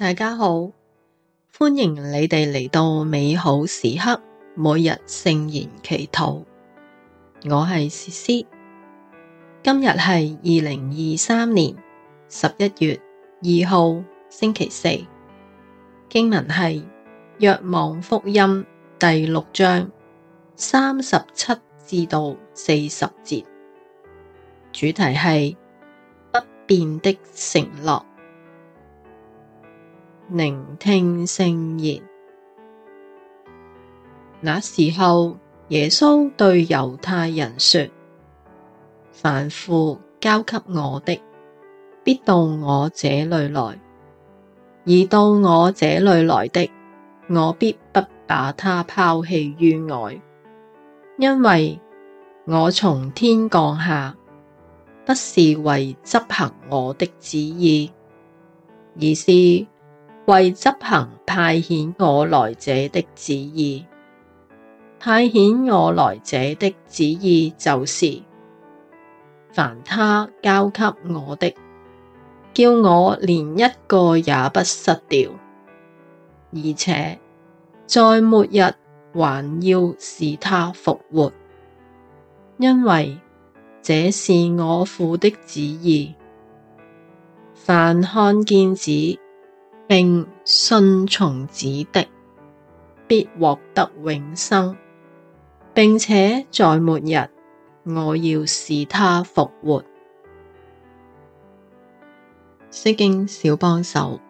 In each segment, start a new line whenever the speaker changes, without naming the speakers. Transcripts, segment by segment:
大家好，歡迎你哋嚟到美好時刻，每日聖言祈禱。我係詩詩，今日係二零二三年十一月二號星期四，經文係《若望福音》第六章三十七至到四十節，主題係不變的承諾。聆聽聖言。那時候，耶穌對猶太人說：凡父交給我的，必到我這裏來；而到我這裏來的，我必不把他拋棄於外。因為我從天降下，不是為執行我的旨意，而是。為執行派遣我來者的旨意，派遣我來者的旨意就是：凡他交給我的，叫我連一個也不失掉；而且在末日還要使他復活，因為這是我父的旨意。凡看見子。並信從子的，必獲得永生，並且在末日，我要使他復活。《釋經小幫手》，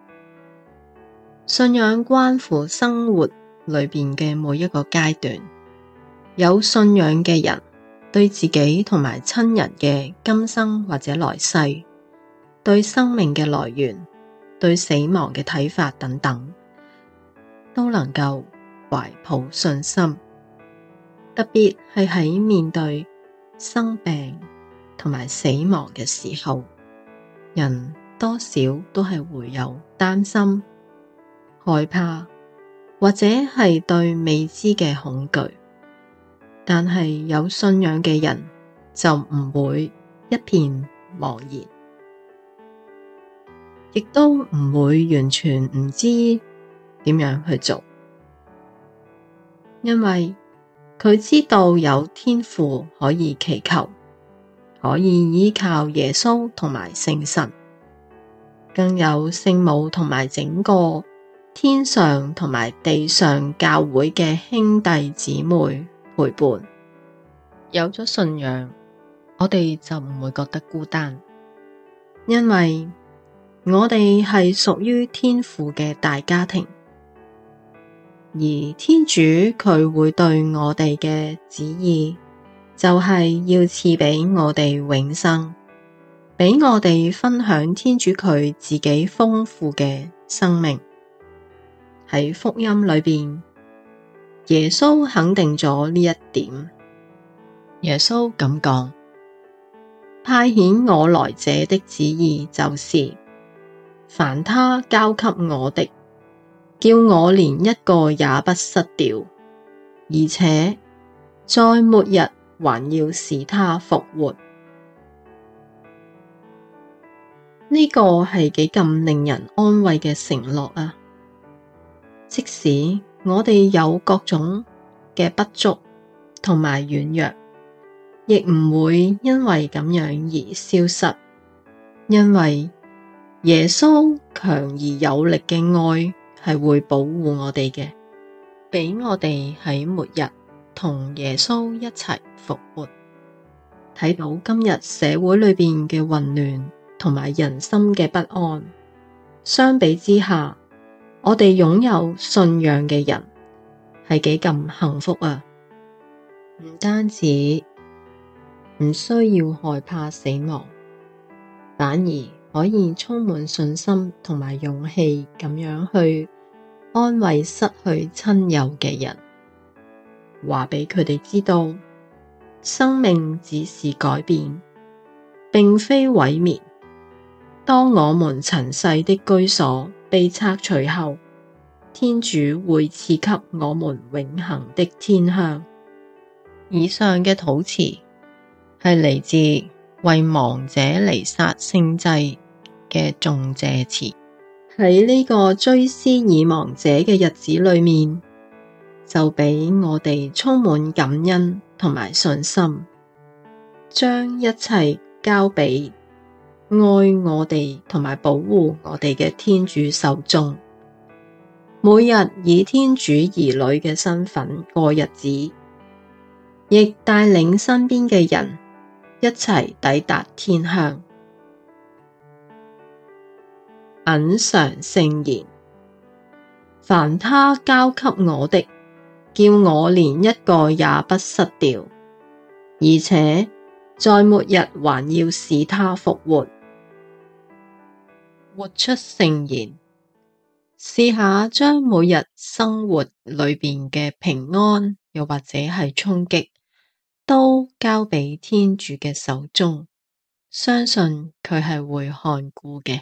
信仰關乎生活裏邊嘅每一個階段。有信仰嘅人，對自己同埋親人嘅今生或者來世，對生命嘅來源。對死亡嘅睇法等等，都能夠懷抱信心，特別係喺面對生病同埋死亡嘅時候，人多少都係會有擔心、害怕，或者係對未知嘅恐懼。但係有信仰嘅人就唔會一片茫然。亦都唔會完全唔知點樣去做，因為佢知道有天父可以祈求，可以依靠耶穌同埋聖神，更有聖母同埋整個天上同埋地上教會嘅兄弟姊妹陪伴。有咗信仰，我哋就唔會覺得孤單，因為，我哋係屬於天父嘅大家庭，而天主佢會對我哋嘅旨意，就係要賜畀我哋永生，畀我哋分享天主佢自己豐富嘅生命。喺福音裏邊，耶穌肯定咗呢一點。耶穌咁講，派遣我來者的旨意就是。凡他交給我的，叫我連一個也不失掉，而且在末日還要使他復活。呢個係幾咁令人安慰嘅承諾啊！即使我哋有各種嘅不足同埋軟弱，亦唔會因為咁樣而消失，因為。耶穌強而有力嘅愛係會保護我哋嘅，畀我哋喺末日同耶穌一齊復活。睇到今日社會裏邊嘅混亂同埋人心嘅不安，相比之下，我哋擁有信仰嘅人係幾咁幸福啊！唔單止唔需要害怕死亡，反而，可以充滿信心同埋勇氣，咁樣去安慰失去親友嘅人，話畀佢哋知道，生命只是改變，並非毀滅。當我們塵世的居所被拆除後，天主會賜給我們永恒的天鄉。以上嘅禱詞係嚟自為亡者彌撒聖祭嘅頌謝詞，喺呢個追思已亡者嘅日子裏面，就俾我哋充滿感恩同埋信心，將一切交俾愛我哋同埋保護我哋嘅天主手中。每日以天主兒女嘅身份過日子，亦帶領身邊嘅人一齊抵達天鄉。品嚐聖言，凡他交給我的，叫我連一個也不失掉，而且在末日還要使他復活。活出聖言，試下將每日生活裏邊嘅平安，又或者係衝擊，都交俾天主嘅手中，相信佢係會看顧嘅。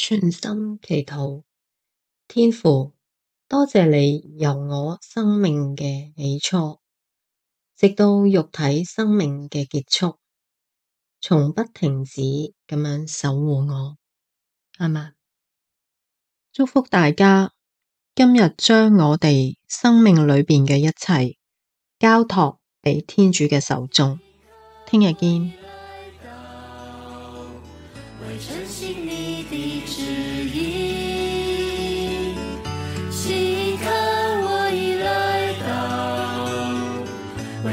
全心祈禱，天父，多謝你由我生命嘅起初，直到肉體生命嘅結束，從不停止咁樣守護我。阿們，祝福大家今日將我哋生命裏邊嘅一切交託畀天主嘅手中。聽日見。